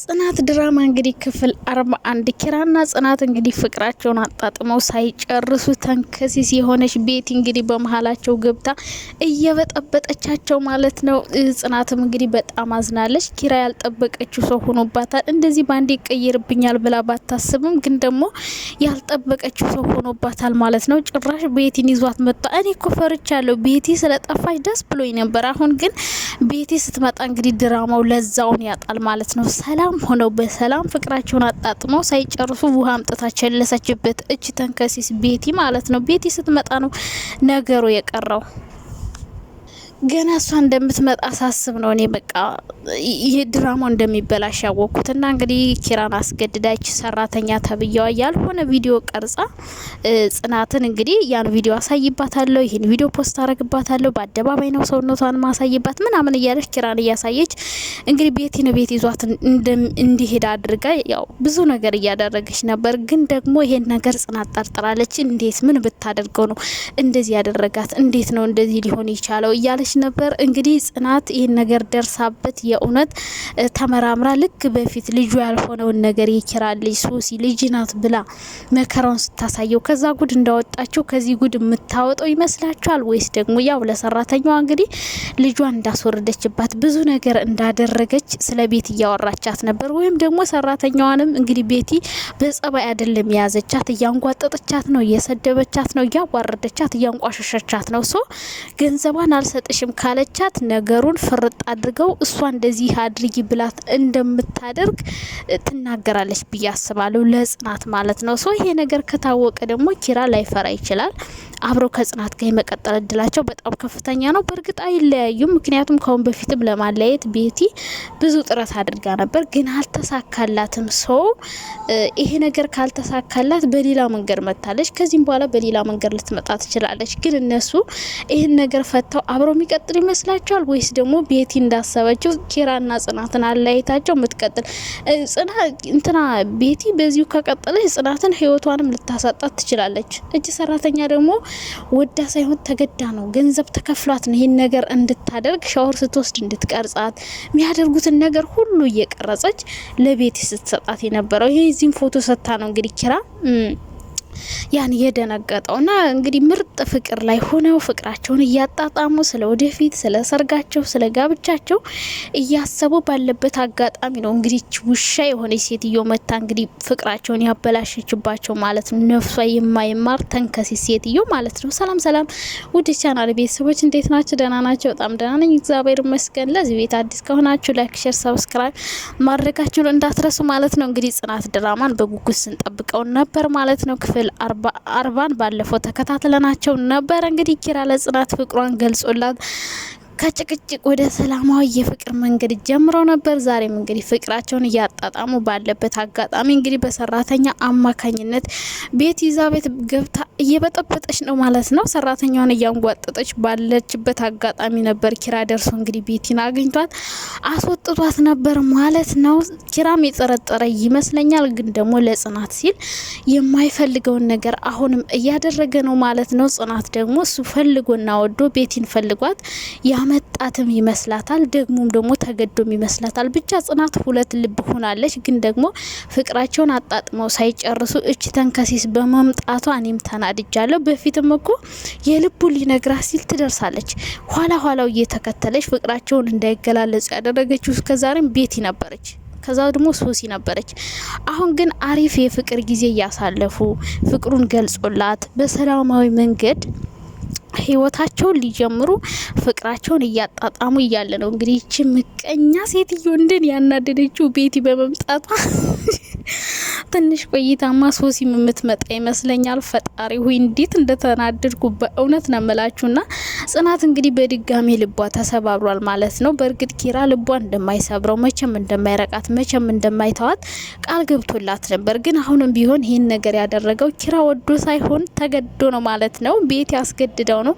ጽናት ድራማ እንግዲህ ክፍል አርባ አንድ ኪራና ጽናት እንግዲህ ፍቅራቸውን አጣጥመው ሳይጨርሱ ተንከሲስ የሆነች ቤቲ እንግዲህ በመሀላቸው ገብታ እየበጠበጠቻቸው ማለት ነው። ጽናትም እንግዲህ በጣም አዝናለች። ኪራ ያልጠበቀችው ሰው ሆኖባታል። እንደዚህ በአንዴ ይቀይርብኛል ብላ ባታስብም ግን ደግሞ ያልጠበቀችው ሰው ሆኖባታል ማለት ነው። ጭራሽ ቤቲን ይዟት መጣ። እኔ እኮ ፈርቻለሁ ቤቲ ስለጠፋች ደስ ብሎኝ ነበር። አሁን ግን ቤቲ ስትመጣ እንግዲህ ድራማው ለዛውን ያጣል ማለት ነው። ሰላም ሰላም ሆነው በሰላም ፍቅራቸውን አጣጥመው ሳይጨርሱ ውሃ አምጥታ ቸለሰችበት እች ተንከሲስ ቤቲ ማለት ነው። ቤቲ ስትመጣ ነው ነገሩ የቀረው። ገና እሷ እንደምትመጣ ሳስብ ነው እኔ በቃ ይህ ድራማው እንደሚበላሽ እና እንግዲህ ኪራን አስገድዳች ሰራተኛ ተብያዋ ያልሆነ ቪዲዮ ቀርጻ ጽናትን እንግዲህ ያን ቪዲዮ አሳይባታለሁ፣ ይህን ቪዲዮ ፖስት አረግባታለሁ፣ በአደባባይ ነው ሰውነቷን ማሳይባት ምናምን እያለች ኪራን እያሳየች እንግዲህ ቤቲ ነው ቤት ይዟት እንዲሄድ አድርጋ ያው ብዙ ነገር እያደረገች ነበር። ግን ደግሞ ይሄን ነገር ጽናት ጠርጥራለች። እንዴት ምን ብታደርገው ነው እንደዚህ ያደረጋት? እንዴት ነው እንደዚህ ሊሆን ይቻለው? እያለች እያለች ነበር። እንግዲህ ጽናት ይህን ነገር ደርሳበት የእውነት ተመራምራ ልክ በፊት ልጁ ያልሆነውን ነገር የኪራ ልጅ ሶሲ ልጅ ናት ብላ መከራውን ስታሳየው ከዛ ጉድ እንዳወጣቸው ከዚህ ጉድ የምታወጠው ይመስላችኋል ወይስ ደግሞ ያው ለሰራተኛዋ እንግዲህ ልጇን እንዳስወረደችባት ብዙ ነገር እንዳደረገች ስለ ቤት እያወራቻት ነበር። ወይም ደግሞ ሰራተኛዋንም እንግዲህ ቤቲ በጸባይ አይደለም የያዘቻት፣ እያንጓጠጠቻት ነው፣ እየሰደበቻት ነው፣ እያዋረደቻት፣ እያንቋሸሸቻት ነው። ሶ ገንዘቧን አልሰጥሽ አልሰራሽም ካለቻት ነገሩን ፍርጥ አድርገው እሷ እንደዚህ አድርጊ ብላት እንደምታደርግ ትናገራለች ብዬ አስባለሁ። ለጽናት ማለት ነው። ሰው ይሄ ነገር ከታወቀ ደግሞ ኪራ ላይፈራ ይችላል። አብረው ከጽናት ጋር የመቀጠል እድላቸው በጣም ከፍተኛ ነው። በእርግጥ አይለያዩም። ምክንያቱም ከአሁን በፊትም ለማለየት ቤቲ ብዙ ጥረት አድርጋ ነበር፣ ግን አልተሳካላትም። ሰው ይሄ ነገር ካልተሳካላት በሌላ መንገድ መታለች። ከዚህም በኋላ በሌላ መንገድ ልትመጣ ትችላለች። ግን እነሱ ይህን ነገር ፈተው አብረው የሚቀጥል ይመስላቸዋል ወይስ ደግሞ ቤቲ እንዳሰበችው ኬራና ጽናትን አለያየታቸው የምትቀጥል እንትና ቤቲ በዚሁ ከቀጠለች ጽናትን ህይወቷንም ልታሳጣት ትችላለች። እጅ ሰራተኛ ደግሞ ወዳ ሳይሆን ተገዳ ነው። ገንዘብ ተከፍሏት ነው ይህን ነገር እንድታደርግ ሻወር ስትወስድ እንድትቀርጻት የሚያደርጉትን ነገር ሁሉ እየቀረጸች ለቤት ስትሰጣት የነበረው ይህ ዚህም ፎቶ ሰጥታ ነው እንግዲህ ኪራ ያን የደነገጠው እና እንግዲህ ምርጥ ፍቅር ላይ ሆነው ፍቅራቸውን እያጣጣሙ ስለ ወደፊት ስለ ሰርጋቸው ስለ ጋብቻቸው እያሰቡ ባለበት አጋጣሚ ነው እንግዲህ ውሻ የሆነች ሴትዮ መታ እንግዲህ ፍቅራቸውን ያበላሸችባቸው ማለት ነው። ነፍሷ የማይማር ተንከሲስ ሴትዮ ማለት ነው። ሰላም ሰላም፣ ውድ ቻናል ቤተሰቦች እንዴት ናቸው? ደህና ናቸው? በጣም ደህና ነኝ፣ እግዚአብሔር ይመስገን። ለዚህ ቤት አዲስ ከሆናችሁ ላይክ፣ ሼር፣ ሰብስክራይብ ማድረጋችሁን እንዳትረሱ ማለት ነው። እንግዲህ ጽናት ድራማን በጉጉት ስንጠብቀው ነበር ማለት ነው ክፍል ክፍል አርባን ባለፈው ተከታትለናቸው ነበር። እንግዲህ ኪራ ለጽናት ፍቅሯን ገልጾላት ከጭቅጭቅ ወደ ሰላማዊ የፍቅር መንገድ ጀምረው ነበር። ዛሬም እንግዲህ ፍቅራቸውን እያጣጣሙ ባለበት አጋጣሚ እንግዲህ በሰራተኛ አማካኝነት ቤት ይዛ ቤት ገብታ እየበጠበጠች ነው ማለት ነው። ሰራተኛዋን እያንጓጠጠች ባለችበት አጋጣሚ ነበር ኪራ ደርሶ እንግዲህ ቤቲን አግኝቷት አስወጥቷት ነበር ማለት ነው። ኪራም የጠረጠረ ይመስለኛል፣ ግን ደግሞ ለጽናት ሲል የማይፈልገውን ነገር አሁንም እያደረገ ነው ማለት ነው። ጽናት ደግሞ እሱ ፈልጎና ወዶ ቤቲን ፈልጓት ያመጣትም ይመስላታል፣ ደግሞም ደግሞ ተገዶም ይመስላታል። ብቻ ጽናት ሁለት ልብ ሆናለች። ግን ደግሞ ፍቅራቸውን አጣጥመው ሳይጨርሱ እች ተንከሲስ በመምጣቷ እኔም ተናድጃለሁ። በፊትም እኮ የልቡ ሊነግራ ሲል ትደርሳለች። ኋላ ኋላው እየተከተለች ፍቅራቸውን እንዳይገላለጹ ያደረገችው እስከዛሬም ቤቲ ነበረች። ከዛ ደግሞ ሶሲ ነበረች። አሁን ግን አሪፍ የፍቅር ጊዜ እያሳለፉ ፍቅሩን ገልጾላት በሰላማዊ መንገድ ህይወታቸውን ሊጀምሩ ፍቅራቸውን እያጣጣሙ እያለ ነው እንግዲህ ይቺ ምቀኛ ሴትዮ እንድን ያናደደችው ቤቲ በመምጣቷ ትንሽ ቆይታማ ሶሲም የምትመጣ ይመስለኛል። ፈጣሪ ሆይ እንዴት እንደተናደድኩ በእውነት ነው የምላችሁና ጽናት እንግዲህ በድጋሚ ልቧ ተሰባብሯል ማለት ነው። በእርግጥ ኪራ ልቧ እንደማይሰብረው መቼም እንደማይረቃት መቼም እንደማይተዋት ቃል ገብቶላት ነበር። ግን አሁንም ቢሆን ይህን ነገር ያደረገው ኪራ ወዶ ሳይሆን ተገዶ ነው ማለት ነው። ቤት ያስገድደው ነው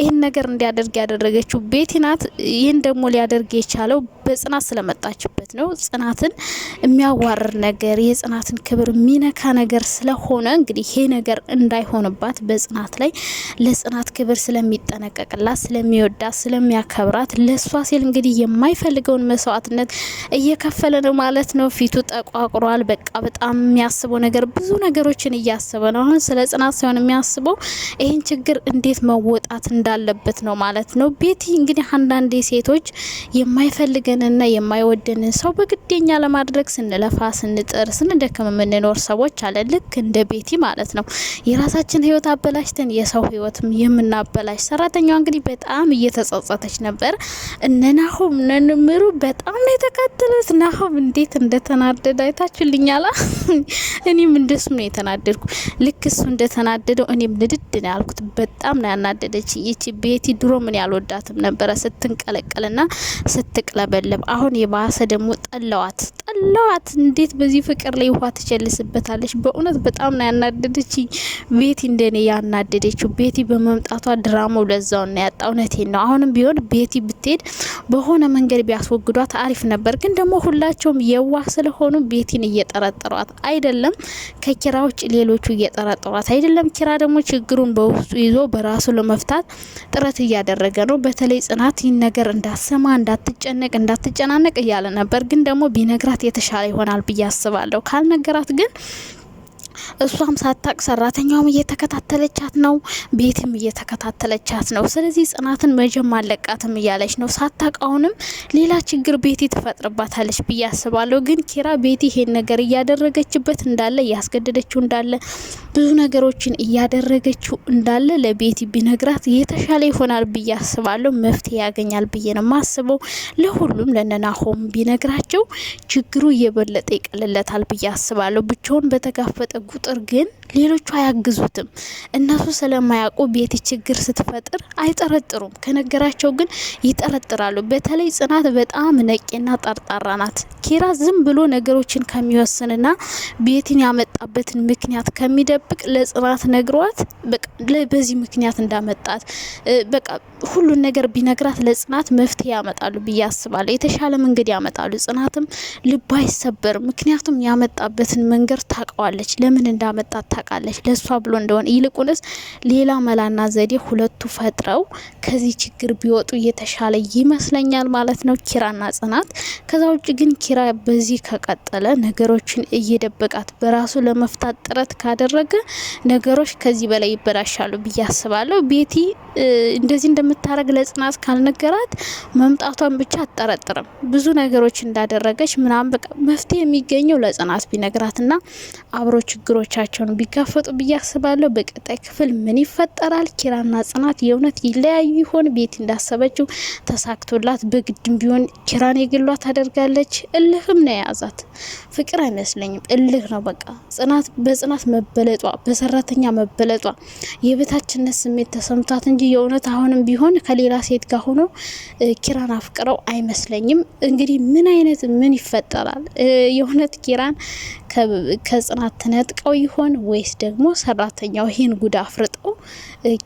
ይህን ይህን ነገር እንዲያደርግ ያደረገችው ቤቲ ናት። ይህን ደግሞ ሊያደርግ የቻለው በጽናት ስለመጣችበት ነው። ጽናትን የሚያዋርር ነገር የጽናትን ክብር የሚነካ ነገር ስለሆነ እንግዲህ ይሄ ነገር እንዳይሆንባት በጽናት ላይ ለጽናት ክብር ስለሚጠነቀቅላት፣ ስለሚወዳት፣ ስለሚያከብራት ለእሷ ሲል እንግዲህ የማይፈልገውን መስዋዕትነት እየከፈለ ነው ማለት ነው። ፊቱ ጠቋቁሯል። በቃ በጣም የሚያስበው ነገር ብዙ ነገሮችን እያሰበ ነው። አሁን ስለ ጽናት ሳይሆን የሚያስበው ይህን ችግር እንዴት መወጣት እንዳለ ያለበት ነው ማለት ነው። ቤቲ እንግዲህ አንዳንዴ ሴቶች የማይፈልገንና የማይወደንን ሰው በግዴኛ ለማድረግ ስንለፋ ስንጥር ስንደክም የምንኖር ሰዎች አለ ልክ እንደ ቤቲ ማለት ነው። የራሳችን ህይወት አበላሽተን የሰው ህይወትም የምናበላሽ ሰራተኛዋ እንግዲህ በጣም እየተጸጸተች ነበር። እነ ናሆም ነንምሩ በጣም ነው የተካተሉት። ናሆም እንዴት እንደተናደደ አይታችሁልኛላ። እኔም እንደሱ ነው የተናደድኩ። ልክ እሱ እንደተናደደው እኔም ንድድ ነው ያልኩት። በጣም ነው ያናደደች ይቺ ቤቲ ድሮ ምን ያልወዳትም ነበረ ስትንቀለቀልና ስትቅለበለብ። አሁን የባሰ ደግሞ ጠለዋት ጠለዋት። እንዴት በዚህ ፍቅር ላይ ውሃ ትቸልስበታለች? በእውነት በጣም ነው ያናደደች ቤቲ፣ እንደኔ ያናደደችው ቤቲ በመምጣቷ ድራማው ለዛው ነው ያጣ። እውነቴን ነው። አሁንም ቢሆን ቤቲ ብትሄድ በሆነ መንገድ ቢያስወግዷት አሪፍ ነበር። ግን ደግሞ ሁላቸውም የዋህ ስለሆኑ ቤቲን እየጠረጠሯት አይደለም፣ ከኪራ ውጭ ሌሎቹ እየጠረጠሯት አይደለም። ኪራ ደግሞ ችግሩን በውስጡ ይዞ በራሱ ለመፍታት ጥረት እያደረገ ነው። በተለይ ጽናት ይህን ነገር እንዳሰማ እንዳትጨነቅ እንዳትጨናነቅ እያለ ነበር። ግን ደግሞ ቢነግራት የተሻለ ይሆናል ብዬ አስባለሁ። ካልነገራት ግን እሷም ሳታቅ ሰራተኛውም እየተከታተለቻት ነው፣ ቤትም እየተከታተለቻት ነው። ስለዚህ ጽናትን መጀም አለቃትም እያለች ነው። ሳታቅ አሁንም ሌላ ችግር ቤቲ ትፈጥርባታለች ብዬ አስባለሁ። ግን ኪራ ቤቲ ይሄን ነገር እያደረገችበት እንዳለ እያስገደደችው እንዳለ ብዙ ነገሮችን እያደረገችው እንዳለ ለቤቲ ቢነግራት የተሻለ ይሆናል ብዬ አስባለሁ። መፍትሄ ያገኛል ብዬ ነው ማስበው። ለሁሉም ለነናሆም ቢነግራቸው ችግሩ እየበለጠ ይቀልለታል ብዬ አስባለሁ። ብቻውን በተጋፈጠ ቁጥር ግን ሌሎቹ አያግዙትም። እነሱ ስለማያውቁ ቤቲ ችግር ስትፈጥር አይጠረጥሩም። ከነገራቸው ግን ይጠረጥራሉ። በተለይ ጽናት በጣም ነቄና ጠርጣራ ናት። ኪራ ዝም ብሎ ነገሮችን ከሚወስንና ቤቲን ያመጣበትን ምክንያት ከሚደብቅ ለጽናት ነግሯት በዚህ ምክንያት እንዳመጣት በቃ ሁሉን ነገር ቢነግራት ለጽናት መፍትሄ ያመጣሉ ብዬ አስባለሁ። የተሻለ መንገድ ያመጣሉ። ጽናትም ልቧ አይሰበርም። ምክንያቱም ያመጣበትን መንገድ ታውቀዋለች፣ ለምን እንዳመጣት ታውቃለች ለእሷ ብሎ እንደሆነ። ይልቁንስ ሌላ መላና ዘዴ ሁለቱ ፈጥረው ከዚህ ችግር ቢወጡ እየተሻለ ይመስለኛል ማለት ነው ኪራና ጽናት። ከዛ ውጭ ግን ኪራ በዚህ ከቀጠለ ነገሮችን እየደበቃት በራሱ ለመፍታት ጥረት ካደረገ ነገሮች ከዚህ በላይ ይበላሻሉ ብዬ አስባለሁ። ቤቲ እንደዚህ እንደምታደረግ ለጽናት ካልነገራት መምጣቷን ብቻ አጠረጥርም። ብዙ ነገሮች እንዳደረገች ምናምን በቃ መፍትሄ የሚገኘው ለጽናት ቢነግራትና አብሮ ችግሮቻቸውን እንደሚጋፈጡ ብዬ አስባለሁ። በቀጣይ ክፍል ምን ይፈጠራል? ኪራና ጽናት የእውነት ይለያዩ ይሆን? ቤቲ እንዳሰበችው ተሳክቶላት በግድም ቢሆን ኪራን የግሏ ታደርጋለች። እልህም ነው የያዛት ፍቅር አይመስለኝም፣ እልህ ነው በቃ። ጽናት በጽናት መበለጧ በሰራተኛ መበለጧ የበታችነት ስሜት ተሰምቷት እንጂ የእውነት አሁንም ቢሆን ከሌላ ሴት ጋር ሆኖ ኪራን አፍቅረው አይመስለኝም። እንግዲህ ምን አይነት ምን ይፈጠራል የእውነት ኪራን ከጽናት ተነጥቀው ይሆን ወይስ ደግሞ ሰራተኛው ይህን ጉድ አፍርጠው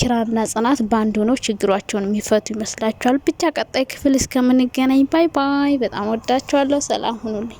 ኪራና ጽናት በአንድ ሆነው ችግሯቸውን የሚፈቱ ይመስላችኋል? ብቻ ቀጣይ ክፍል እስከምንገናኝ ባይ ባይ። በጣም ወዳቸዋለሁ። ሰላም ሁኑልኝ።